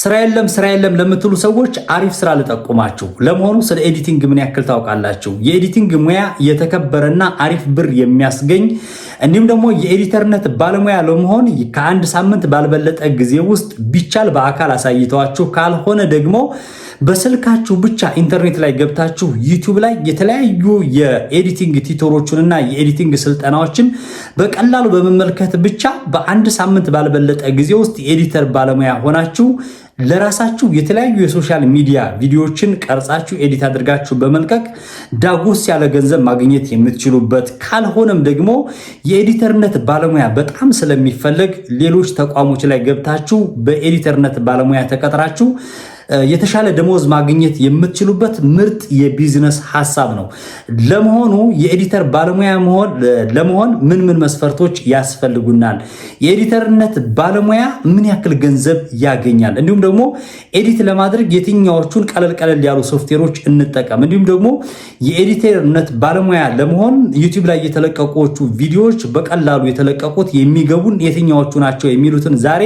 ስራ የለም ስራ የለም ለምትሉ ሰዎች አሪፍ ስራ ልጠቁማችሁ። ለመሆኑ ስለ ኤዲቲንግ ምን ያክል ታውቃላችሁ? የኤዲቲንግ ሙያ የተከበረና አሪፍ ብር የሚያስገኝ እንዲሁም ደግሞ የኤዲተርነት ባለሙያ ለመሆን ከአንድ ሳምንት ባልበለጠ ጊዜ ውስጥ ቢቻል በአካል አሳይተዋችሁ፣ ካልሆነ ደግሞ በስልካችሁ ብቻ ኢንተርኔት ላይ ገብታችሁ ዩቲዩብ ላይ የተለያዩ የኤዲቲንግ ቲቶሮችንና የኤዲቲንግ ስልጠናዎችን በቀላሉ በመመልከት ብቻ በአንድ ሳምንት ባልበለጠ ጊዜ ውስጥ የኤዲተር ባለሙያ ሆናችሁ ለራሳችሁ የተለያዩ የሶሻል ሚዲያ ቪዲዮዎችን ቀርጻችሁ ኤዲት አድርጋችሁ በመልቀቅ ዳጎስ ያለ ገንዘብ ማግኘት የምትችሉበት ካልሆነም ደግሞ የኤዲተርነት ባለሙያ በጣም ስለሚፈለግ ሌሎች ተቋሞች ላይ ገብታችሁ በኤዲተርነት ባለሙያ ተቀጥራችሁ የተሻለ ደሞዝ ማግኘት የምትችሉበት ምርጥ የቢዝነስ ሀሳብ ነው። ለመሆኑ የኤዲተር ባለሙያ ለመሆን ምን ምን መስፈርቶች ያስፈልጉናል? የኤዲተርነት ባለሙያ ምን ያክል ገንዘብ ያገኛል? እንዲሁም ደግሞ ኤዲት ለማድረግ የትኛዎቹን ቀለል ቀለል ያሉ ሶፍትዌሮች እንጠቀም? እንዲሁም ደግሞ የኤዲተርነት ባለሙያ ለመሆን ዩቲዩብ ላይ የተለቀቁዎቹ ቪዲዮዎች በቀላሉ የተለቀቁት የሚገቡን የትኛዎቹ ናቸው? የሚሉትን ዛሬ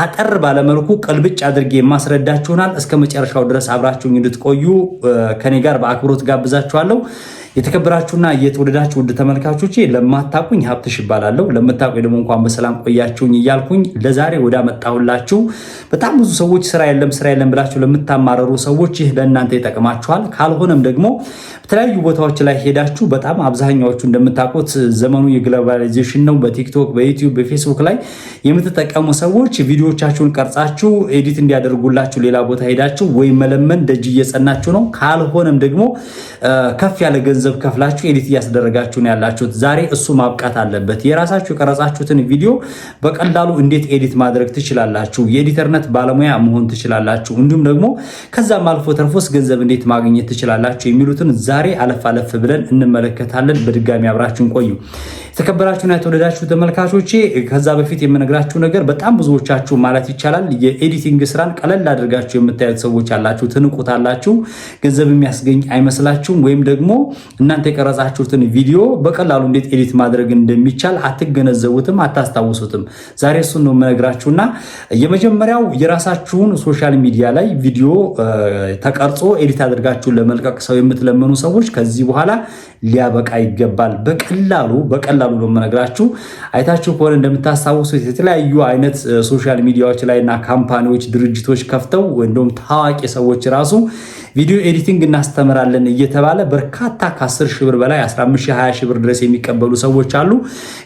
አጠር ባለመልኩ ቅልብጭ አድርጌ የማስረዳችሁናል። እስከ መጨረሻው ድረስ አብራችሁኝ እንድትቆዩ ከኔ ጋር በአክብሮት ጋብዛችኋለሁ። የተከበራችሁና የተወደዳችሁ ውድ ተመልካቾቼ ለማታቁኝ ሀብትሽ ይባላለሁ። ለምታቁኝ ደግሞ እንኳን በሰላም ቆያችሁኝ እያልኩኝ ለዛሬ ወደ መጣሁላችሁ በጣም ብዙ ሰዎች ስራ የለም ስራ የለም ብላችሁ ለምታማረሩ ሰዎች ይህ ለእናንተ ይጠቅማችኋል። ካልሆነም ደግሞ በተለያዩ ቦታዎች ላይ ሄዳችሁ በጣም አብዛኛዎቹ እንደምታውቁት ዘመኑ የግሎባላይዜሽን ነው። በቲክቶክ በዩቲዩብ በፌስቡክ ላይ የምትጠቀሙ ሰዎች ቪዲዮቻችሁን ቀርጻችሁ ኤዲት እንዲያደርጉላችሁ ሌላ ቦታ ሄዳችሁ ወይም መለመን ደጅ እየጸናችሁ ነው። ካልሆነም ደግሞ ከፍ ያለ ገንዘብ ገንዘብ ከፍላችሁ ኤዲት እያስደረጋችሁ ነው ያላችሁት። ዛሬ እሱ ማብቃት አለበት። የራሳችሁ የቀረጻችሁትን ቪዲዮ በቀላሉ እንዴት ኤዲት ማድረግ ትችላላችሁ፣ የኤዲተርነት ባለሙያ መሆን ትችላላችሁ፣ እንዲሁም ደግሞ ከዛም አልፎ ተርፎስ ገንዘብ እንዴት ማግኘት ትችላላችሁ የሚሉትን ዛሬ አለፍ አለፍ ብለን እንመለከታለን። በድጋሚ አብራችሁን ቆዩ። የተከበራችሁና የተወደዳችሁ ተመልካቾቼ፣ ከዛ በፊት የምነግራችሁ ነገር በጣም ብዙዎቻችሁ ማለት ይቻላል የኤዲቲንግ ስራን ቀለል አድርጋችሁ የምታዩት ሰዎች አላችሁ፣ ትንቁታላችሁ፣ ገንዘብ የሚያስገኝ አይመስላችሁም ወይም ደግሞ እናንተ የቀረጻችሁትን ቪዲዮ በቀላሉ እንዴት ኤዲት ማድረግ እንደሚቻል አትገነዘቡትም፣ አታስታውሱትም። ዛሬ እሱን ነው የምነግራችሁና የመጀመሪያው የራሳችሁን ሶሻል ሚዲያ ላይ ቪዲዮ ተቀርጾ ኤዲት አድርጋችሁን ለመልቀቅ ሰው የምትለመኑ ሰዎች ከዚህ በኋላ ሊያበቃ ይገባል። በቀላሉ በቀላሉ ነው የምነግራችሁ። አይታችሁ ከሆነ እንደምታስታውሱት የተለያዩ አይነት ሶሻል ሚዲያዎች እና ካምፓኒዎች፣ ድርጅቶች ከፍተው እንደውም ታዋቂ ሰዎች ራሱ ቪዲዮ ኤዲቲንግ እናስተምራለን እየተባለ በርካታ ከ10 ሺህ ብር በላይ 15 ሺህ 20 ሺህ ብር ድረስ የሚቀበሉ ሰዎች አሉ።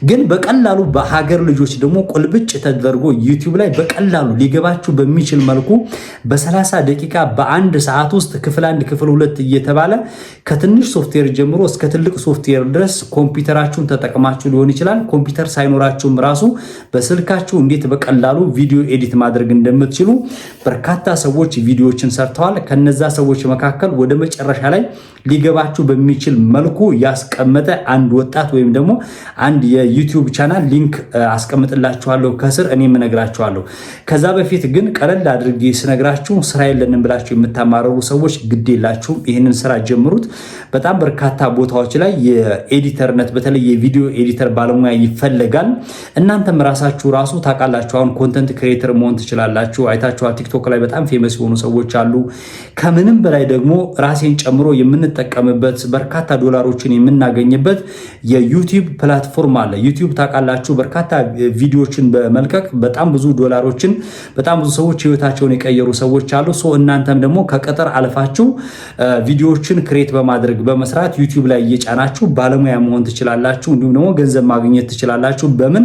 ግን በቀላሉ በሀገር ልጆች ደግሞ ቁልብጭ ተደርጎ ዩቲዩብ ላይ በቀላሉ ሊገባችሁ በሚችል መልኩ በ30 ደቂቃ በአንድ ሰዓት ውስጥ ክፍል አንድ ክፍል ሁለት እየተባለ ከትንሽ ሶፍትዌር ጀምሮ እስከ ትልቅ ሶፍትዌር ድረስ ኮምፒውተራችሁን ተጠቅማችሁ ሊሆን ይችላል። ኮምፒውተር ሳይኖራችሁም ራሱ በስልካችሁ እንዴት በቀላሉ ቪዲዮ ኤዲት ማድረግ እንደምትችሉ በርካታ ሰዎች ቪዲዮዎችን ሰርተዋል። ከነዛ ሰዎች ነገሮች መካከል ወደ መጨረሻ ላይ ሊገባችሁ በሚችል መልኩ ያስቀመጠ አንድ ወጣት ወይም ደግሞ አንድ የዩቲዩብ ቻናል ሊንክ አስቀምጥላችኋለሁ ከስር እኔም እነግራችኋለሁ። ከዛ በፊት ግን ቀለል አድርጌ ስነግራችሁ ስራ የለንም ብላችሁ የምታማረሩ ሰዎች ግድ የላችሁም። ይህንን ስራ ጀምሩት። በጣም በርካታ ቦታዎች ላይ የኤዲተርነት በተለይ የቪዲዮ ኤዲተር ባለሙያ ይፈለጋል። እናንተም ራሳችሁ ራሱ ታውቃላችሁ። አሁን ኮንተንት ክሬተር መሆን ትችላላችሁ። አይታችኋል። ቲክቶክ ላይ በጣም ፌመስ የሆኑ ሰዎች አሉ ከምንም በላይ ደግሞ ራሴን ጨምሮ የምንጠቀምበት በርካታ ዶላሮችን የምናገኝበት የዩቲዩብ ፕላትፎርም አለ። ዩቲዩብ ታውቃላችሁ፣ በርካታ ቪዲዮዎችን በመልቀቅ በጣም ብዙ ዶላሮችን በጣም ብዙ ሰዎች ህይወታቸውን የቀየሩ ሰዎች አሉ። ሶ እናንተም ደግሞ ከቀጠር አልፋችሁ ቪዲዮዎችን ክሬት በማድረግ በመስራት ዩቲዩብ ላይ እየጫናችሁ ባለሙያ መሆን ትችላላችሁ። እንዲሁም ደግሞ ገንዘብ ማግኘት ትችላላችሁ። በምን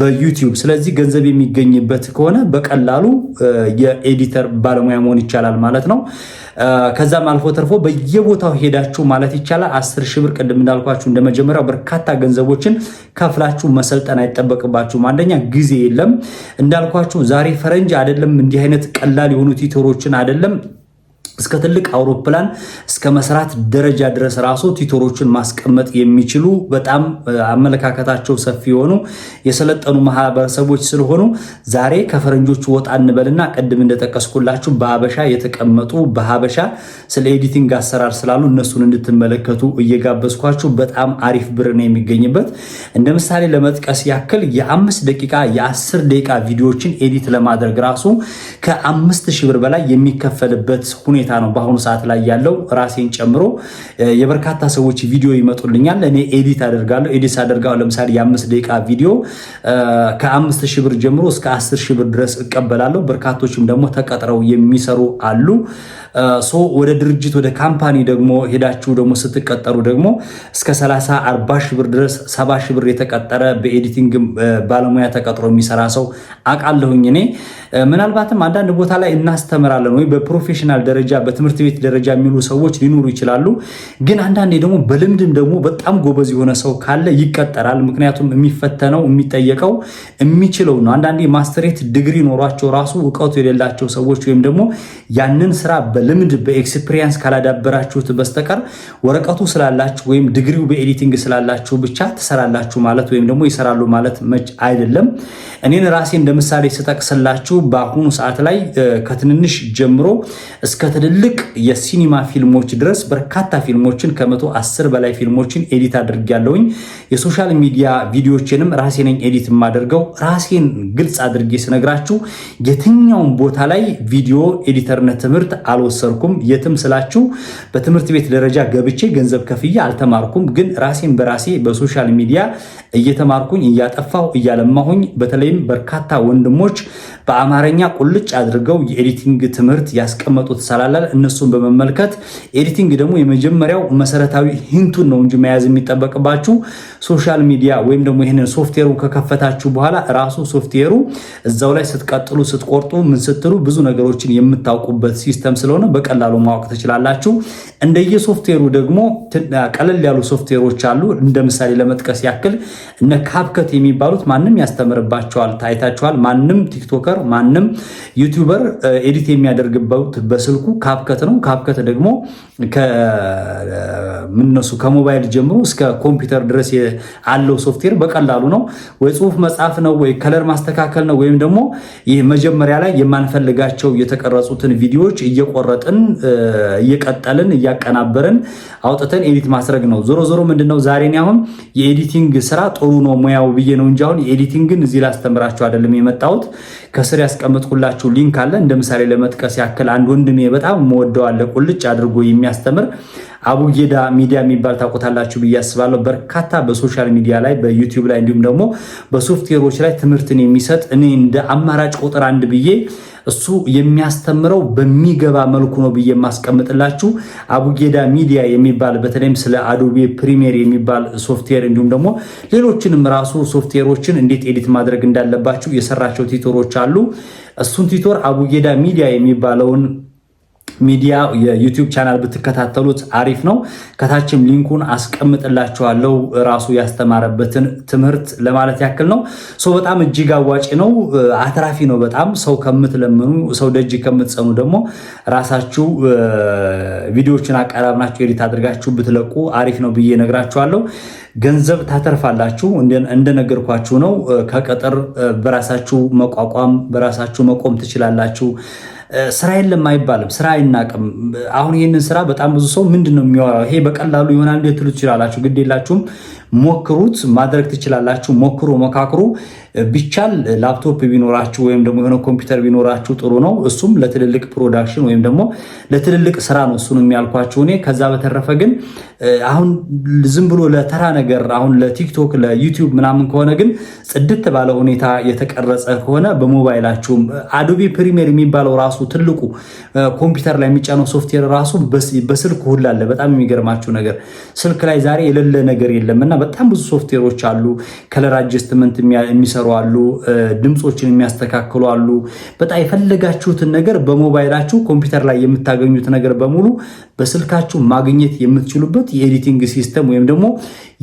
በዩቲዩብ። ስለዚህ ገንዘብ የሚገኝበት ከሆነ በቀላሉ የኤዲተር ባለሙያ መሆን ይቻላል ማለት ነው። ከዛም አልፎ ተርፎ በየቦታው ሄዳችሁ ማለት ይቻላል አስር ሺህ ብር ቅድም እንዳልኳችሁ እንደመጀመሪያው በርካታ ገንዘቦችን ከፍላችሁ መሰልጠን አይጠበቅባችሁም። አንደኛ ጊዜ የለም እንዳልኳችሁ ዛሬ ፈረንጅ አይደለም እንዲህ አይነት ቀላል የሆኑ ቲቶሮችን አይደለም እስከ ትልቅ አውሮፕላን እስከ መስራት ደረጃ ድረስ ራሱ ቲቶሮችን ማስቀመጥ የሚችሉ በጣም አመለካከታቸው ሰፊ የሆኑ የሰለጠኑ ማህበረሰቦች ስለሆኑ ዛሬ ከፈረንጆቹ ወጣ እንበልና ቅድም እንደጠቀስኩላችሁ በሀበሻ የተቀመጡ በሀበሻ ስለ ኤዲቲንግ አሰራር ስላሉ እነሱን እንድትመለከቱ እየጋበዝኳችሁ በጣም አሪፍ ብር ነው የሚገኝበት። እንደ ምሳሌ ለመጥቀስ ያክል የአምስት ደቂቃ የአስር ደቂቃ ቪዲዮዎችን ኤዲት ለማድረግ ራሱ ከአምስት ሺህ ብር በላይ የሚከፈልበት ሁኔታ ሁኔታ ነው በአሁኑ ሰዓት ላይ ያለው። ራሴን ጨምሮ የበርካታ ሰዎች ቪዲዮ ይመጡልኛል። እኔ ኤዲት አደርጋለሁ። ኤዲት አደርጋለሁ። ለምሳሌ የአምስት ደቂቃ ቪዲዮ ከአምስት ሺህ ብር ጀምሮ እስከ አስር ሺህ ብር ድረስ እቀበላለሁ። በርካቶችም ደግሞ ተቀጥረው የሚሰሩ አሉ። ሶ ወደ ድርጅት ወደ ካምፓኒ ደግሞ ሄዳችሁ ደግሞ ስትቀጠሩ ደግሞ እስከ 30 40 ሺህ ብር ድረስ 70 ሺህ ብር የተቀጠረ በኤዲቲንግ ባለሙያ ተቀጥሮ የሚሰራ ሰው አውቃለሁኝ እኔ። ምናልባትም አንዳንድ ቦታ ላይ እናስተምራለን ወይም በፕሮፌሽናል ደረጃ በትምህርት ቤት ደረጃ የሚሉ ሰዎች ሊኖሩ ይችላሉ። ግን አንዳንዴ ደግሞ በልምድም ደግሞ በጣም ጎበዝ የሆነ ሰው ካለ ይቀጠራል። ምክንያቱም የሚፈተነው የሚጠየቀው የሚችለው ነው። አንዳንዴ ማስተሬት ዲግሪ ኖሯቸው ራሱ እውቀቱ የሌላቸው ሰዎች ወይም ደግሞ ያንን ስራ በልምድ በኤክስፒሪየንስ ካላዳበራችሁት በስተቀር ወረቀቱ ስላላችሁ ወይም ዲግሪው በኤዲቲንግ ስላላችሁ ብቻ ትሰራላችሁ ማለት ወይም ደግሞ ይሰራሉ ማለት መች አይደለም። እኔን ራሴ እንደምሳሌ ስጠቅስላችሁ በአሁኑ ሰዓት ላይ ከትንንሽ ጀምሮ እስከ ትልልቅ የሲኒማ ፊልሞች ድረስ በርካታ ፊልሞችን ከመቶ አስር በላይ ፊልሞችን ኤዲት አድርጌያለሁኝ። የሶሻል ሚዲያ ቪዲዮችንም ራሴ ነኝ ኤዲት የማደርገው። ራሴን ግልጽ አድርጌ ስነግራችሁ የትኛውን ቦታ ላይ ቪዲዮ ኤዲተርነት ትምህርት አልወ አልወሰንኩም። የትም ስላችሁ በትምህርት ቤት ደረጃ ገብቼ ገንዘብ ከፍዬ አልተማርኩም። ግን ራሴን በራሴ በሶሻል ሚዲያ እየተማርኩኝ እያጠፋሁ እያለማሁኝ፣ በተለይም በርካታ ወንድሞች በአማርኛ ቁልጭ አድርገው የኤዲቲንግ ትምህርት ያስቀመጡት ሰላላል እነሱን በመመልከት ኤዲቲንግ ደግሞ የመጀመሪያው መሰረታዊ ሂንቱን ነው እንጂ መያዝ የሚጠበቅባችሁ ሶሻል ሚዲያ ወይም ደግሞ ይህንን ሶፍትዌሩ ከከፈታችሁ በኋላ ራሱ ሶፍትዌሩ እዛው ላይ ስትቀጥሉ፣ ስትቆርጡ፣ ምን ስትሉ ብዙ ነገሮችን የምታውቁበት ሲስተም ስለሆነ በቀላሉ ማወቅ ትችላላችሁ። እንደየ ሶፍትዌሩ ደግሞ ቀለል ያሉ ሶፍትዌሮች አሉ። እንደ ምሳሌ ለመጥቀስ ያክል እነ ካብከት የሚባሉት ማንም ያስተምርባቸዋል። ታይታችኋል። ማንም ቲክቶከር፣ ማንም ዩቲዩበር ኤዲት የሚያደርግበት በስልኩ ካብከት ነው። ካብከት ደግሞ ከምነሱ ከሞባይል ጀምሮ እስከ ኮምፒውተር ድረስ አለው ሶፍትዌር በቀላሉ ነው። ወይ ጽሁፍ መጻፍ ነው፣ ወይ ከለር ማስተካከል ነው፣ ወይም ደግሞ ይህ መጀመሪያ ላይ የማንፈልጋቸው የተቀረጹትን ቪዲዮዎች እየቆረጥን እየቀጠልን እያቀናበርን አውጥተን ኤዲት ማስረግ ነው። ዞሮ ዞሮ ምንድነው ዛሬ አሁን የኤዲቲንግ ስራ ጥሩ ነው ሙያው ብዬ ነው እንጂ አሁን የኤዲቲንግን እዚህ ላስተምራችሁ አይደለም የመጣሁት። ከስር ያስቀመጥኩላችሁ ሊንክ አለ። እንደ ምሳሌ ለመጥቀስ ያክል አንድ ወንድሜ በጣም መወደዋለ ቁልጭ አድርጎ የሚያስተምር አቡጌዳ ሚዲያ የሚባል ታውቁታላችሁ ብዬ አስባለሁ። በርካታ በ በሶሻል ሚዲያ ላይ በዩቲዩብ ላይ እንዲሁም ደግሞ በሶፍትዌሮች ላይ ትምህርትን የሚሰጥ እኔ እንደ አማራጭ ቁጥር አንድ ብዬ እሱ የሚያስተምረው በሚገባ መልኩ ነው ብዬ የማስቀምጥላችሁ አቡጌዳ ሚዲያ የሚባል በተለይም ስለ አዶቤ ፕሪሚየር የሚባል ሶፍትዌር እንዲሁም ደግሞ ሌሎችንም ራሱ ሶፍትዌሮችን እንዴት ኤዲት ማድረግ እንዳለባችሁ የሰራቸው ቲቶሮች አሉ። እሱን ቲቶር አቡጌዳ ሚዲያ የሚባለውን ሚዲያ የዩቲዩብ ቻናል ብትከታተሉት አሪፍ ነው። ከታችም ሊንኩን አስቀምጥላችኋለሁ ራሱ ያስተማረበትን ትምህርት ለማለት ያክል ነው። ሰው በጣም እጅግ አዋጭ ነው፣ አትራፊ ነው። በጣም ሰው ከምትለምኑ ሰው ደጅ ከምትጸኑ ደግሞ ራሳችሁ ቪዲዮዎችን አቀራብናችሁ ኤዲት አድርጋችሁ ብትለቁ አሪፍ ነው ብዬ ነግራችኋለሁ። ገንዘብ ታተርፋላችሁ። እንደነገርኳችሁ ነው። ከቅጥር በራሳችሁ መቋቋም በራሳችሁ መቆም ትችላላችሁ። ስራ የለም አይባልም። ስራ አይናቅም። አሁን ይህንን ስራ በጣም ብዙ ሰው ምንድን ነው የሚወራው? ይሄ በቀላሉ ይሆናል እንዴት ትሉ ትችላላችሁ። ግድ የላችሁም፣ ሞክሩት፣ ማድረግ ትችላላችሁ። ሞክሩ፣ መካክሩ። ቢቻል ላፕቶፕ ቢኖራችሁ ወይም ደግሞ የሆነ ኮምፒውተር ቢኖራችሁ ጥሩ ነው። እሱም ለትልልቅ ፕሮዳክሽን ወይም ደግሞ ለትልልቅ ስራ ነው እሱን የሚያልኳችሁ እኔ። ከዛ በተረፈ ግን አሁን ዝም ብሎ ለተራ ነገር አሁን ለቲክቶክ ለዩቲዩብ ምናምን ከሆነ ግን ጽድት ባለ ሁኔታ የተቀረጸ ከሆነ በሞባይላችሁም አዶቢ ፕሪሚየር የሚባለው ራሱ ትልቁ ኮምፒውተር ላይ የሚጫነው ሶፍትዌር ራሱ በስልክ ሁላለ። በጣም የሚገርማችሁ ነገር ስልክ ላይ ዛሬ የሌለ ነገር የለም እና በጣም ብዙ ሶፍትዌሮች አሉ ከለር አጀስትመንት የሚሰሩ የሚሰሩ አሉ፣ ድምፆችን የሚያስተካክሉ አሉ። በጣም የፈለጋችሁትን ነገር በሞባይላችሁ ኮምፒውተር ላይ የምታገኙት ነገር በሙሉ በስልካችሁ ማግኘት የምትችሉበት የኤዲቲንግ ሲስተም ወይም ደግሞ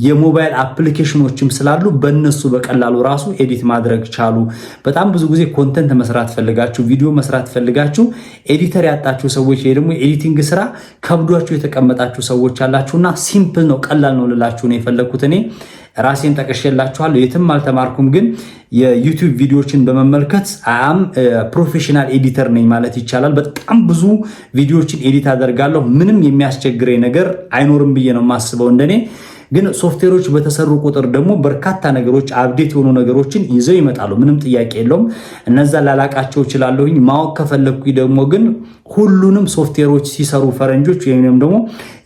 የሞባይል አፕሊኬሽኖችም ስላሉ በእነሱ በቀላሉ ራሱ ኤዲት ማድረግ ቻሉ። በጣም ብዙ ጊዜ ኮንተንት መስራት ፈልጋችሁ፣ ቪዲዮ መስራት ፈልጋችሁ ኤዲተር ያጣችሁ ሰዎች ወይ ደግሞ የኤዲቲንግ ስራ ከብዷችሁ የተቀመጣችሁ ሰዎች አላችሁና ሲምፕል ነው፣ ቀላል ነው ልላችሁ ነው የፈለግኩት እኔ ራሴን ጠቅሼላችኋለሁ። የትም አልተማርኩም፣ ግን የዩቲዩብ ቪዲዮዎችን በመመልከት አም ፕሮፌሽናል ኤዲተር ነኝ ማለት ይቻላል። በጣም ብዙ ቪዲዮዎችን ኤዲት አደርጋለሁ። ምንም የሚያስቸግረኝ ነገር አይኖርም ብዬ ነው የማስበው እንደኔ ግን ሶፍትዌሮች በተሰሩ ቁጥር ደግሞ በርካታ ነገሮች አብዴት የሆኑ ነገሮችን ይዘው ይመጣሉ። ምንም ጥያቄ የለውም። እነዛ ላላቃቸው እችላለሁኝ። ማወቅ ከፈለግኩኝ ደግሞ ግን ሁሉንም ሶፍትዌሮች ሲሰሩ ፈረንጆች ወይም ደግሞ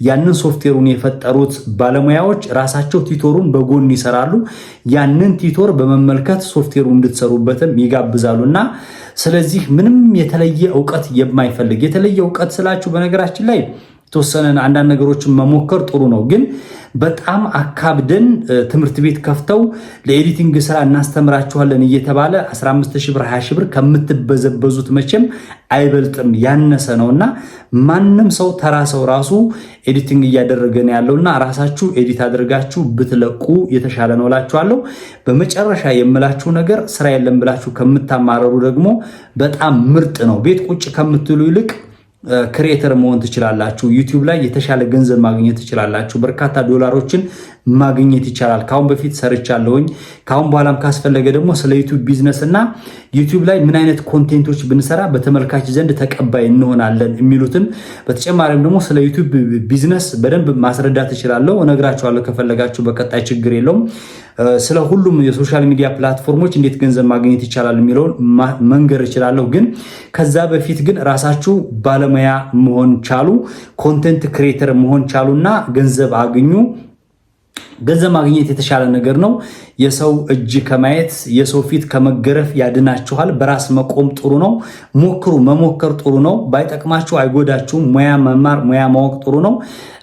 ያንን ሶፍትዌሩን የፈጠሩት ባለሙያዎች ራሳቸው ቲቶሩን በጎን ይሰራሉ። ያንን ቲቶር በመመልከት ሶፍትዌሩ እንድትሰሩበትም ይጋብዛሉ እና ስለዚህ ምንም የተለየ እውቀት የማይፈልግ የተለየ እውቀት ስላችሁ በነገራችን ላይ የተወሰነ አንዳንድ ነገሮችን መሞከር ጥሩ ነው ግን በጣም አካብደን ትምህርት ቤት ከፍተው ለኤዲቲንግ ስራ እናስተምራችኋለን እየተባለ 15 ሺህ ብር 20 ሺህ ብር ከምትበዘበዙት መቼም አይበልጥም ያነሰ ነው እና ማንም ሰው ተራ ሰው ራሱ ኤዲቲንግ እያደረገን ያለው እና ራሳችሁ ኤዲት አድርጋችሁ ብትለቁ የተሻለ ነው እላችኋለሁ። በመጨረሻ የምላችሁ ነገር ስራ የለም ብላችሁ ከምታማረሩ ደግሞ በጣም ምርጥ ነው ቤት ቁጭ ከምትሉ ይልቅ ክሬተር መሆን ትችላላችሁ። ዩቲዩብ ላይ የተሻለ ገንዘብ ማግኘት ትችላላችሁ። በርካታ ዶላሮችን ማግኘት ይቻላል። ካሁን በፊት ሰርቻለሁኝ። ካሁን በኋላም ካስፈለገ ደግሞ ስለ ዩቱብ ቢዝነስ እና ዩቱብ ላይ ምን አይነት ኮንቴንቶች ብንሰራ በተመልካች ዘንድ ተቀባይ እንሆናለን የሚሉትን በተጨማሪም ደግሞ ስለ ዩቱብ ቢዝነስ በደንብ ማስረዳት እችላለሁ፣ እነግራችኋለሁ። ከፈለጋችሁ በቀጣይ ችግር የለውም። ስለ ሁሉም የሶሻል ሚዲያ ፕላትፎርሞች እንዴት ገንዘብ ማግኘት ይቻላል የሚለውን መንገር እችላለሁ። ግን ከዛ በፊት ግን ራሳችሁ ባለሙያ መሆን ቻሉ፣ ኮንቴንት ክሬተር መሆን ቻሉ እና ገንዘብ አግኙ። ገንዘብ ማግኘት የተሻለ ነገር ነው። የሰው እጅ ከማየት የሰው ፊት ከመገረፍ ያድናችኋል። በራስ መቆም ጥሩ ነው። ሞክሩ። መሞከር ጥሩ ነው። ባይጠቅማችሁ አይጎዳችሁም። ሙያ መማር፣ ሙያ ማወቅ ጥሩ ነው።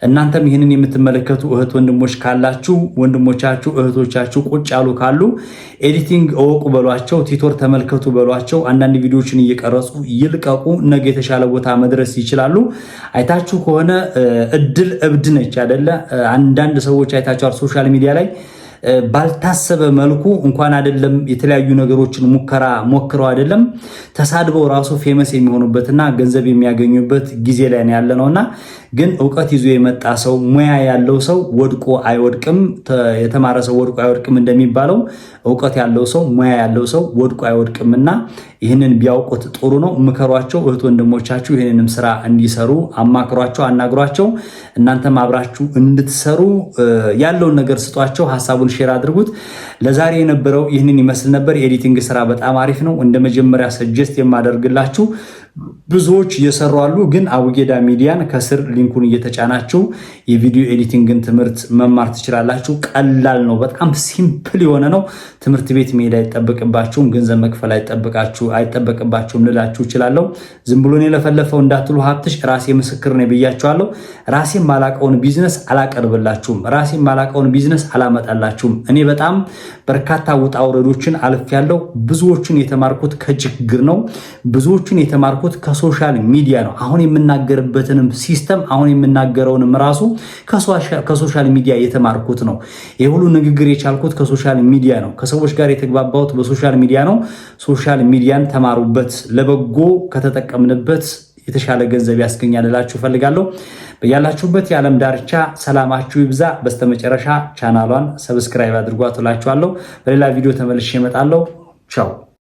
እናንተም ይህንን የምትመለከቱ እህት ወንድሞች ካላችሁ ወንድሞቻችሁ፣ እህቶቻችሁ ቁጭ ያሉ ካሉ ኤዲቲንግ እወቁ በሏቸው፣ ቲቶር ተመልከቱ በሏቸው። አንዳንድ ቪዲዮዎችን እየቀረጹ ይልቀቁ። ነገ የተሻለ ቦታ መድረስ ይችላሉ። አይታችሁ ከሆነ እድል እብድ ነች አደለ? አንዳንድ ሰዎች አይታችኋል ሶሻል ሚዲያ ላይ ባልታሰበ መልኩ እንኳን አይደለም የተለያዩ ነገሮችን ሙከራ ሞክረው አይደለም ተሳድበው ራሱ ፌመስ የሚሆኑበትና ገንዘብ የሚያገኙበት ጊዜ ላይ ነው ያለ ነውና ግን እውቀት ይዞ የመጣ ሰው ሙያ ያለው ሰው ወድቆ አይወድቅም፣ የተማረ ሰው ወድቆ አይወድቅም እንደሚባለው እውቀት ያለው ሰው ሙያ ያለው ሰው ወድቆ አይወድቅም እና ይህንን ቢያውቁት ጥሩ ነው። ምከሯቸው፣ እህት ወንድሞቻችሁ ይህንንም ስራ እንዲሰሩ አማክሯቸው፣ አናግሯቸው። እናንተም አብራችሁ እንድትሰሩ ያለውን ነገር ስጧቸው፣ ሀሳቡን ሼር አድርጉት። ለዛሬ የነበረው ይህንን ይመስል ነበር። የኤዲቲንግ ስራ በጣም አሪፍ ነው። እንደ መጀመሪያ ሰጀስት የማደርግላችሁ ብዙዎች እየሰሩ አሉ። ግን አቡጌዳ ሚዲያን ከስር ሊንኩን እየተጫናችሁ የቪዲዮ ኤዲቲንግን ትምህርት መማር ትችላላችሁ። ቀላል ነው። በጣም ሲምፕል የሆነ ነው። ትምህርት ቤት መሄድ አይጠበቅባችሁም፣ ገንዘብ መክፈል አይጠበቅባችሁም ልላችሁ እችላለሁ። ዝም ብሎን የለፈለፈው እንዳትሉ፣ ሀብትሽ ራሴ ምስክር ነው ብያችኋለሁ። ራሴ ማላቀውን ቢዝነስ አላቀርብላችሁም። ራሴ ማላቀውን ቢዝነስ አላመጣላችሁም። እኔ በጣም በርካታ ውጣ ውረዶችን አልፌያለሁ። ብዙዎቹን የተማርኩት ከችግር ነው። ብዙዎቹን የተማርኩት ያልኩት ከሶሻል ሚዲያ ነው። አሁን የምናገርበትንም ሲስተም አሁን የምናገረውንም ራሱ ከሶሻል ሚዲያ የተማርኩት ነው። የሁሉ ንግግር የቻልኩት ከሶሻል ሚዲያ ነው። ከሰዎች ጋር የተግባባሁት በሶሻል ሚዲያ ነው። ሶሻል ሚዲያን ተማሩበት። ለበጎ ከተጠቀምንበት የተሻለ ገንዘብ ያስገኛል እላችሁ እፈልጋለሁ። በያላችሁበት የዓለም ዳርቻ ሰላማችሁ ይብዛ። በስተመጨረሻ ቻናሏን ሰብስክራይብ አድርጓት እላችኋለሁ። በሌላ ቪዲዮ ተመልሼ እመጣለሁ። ቻው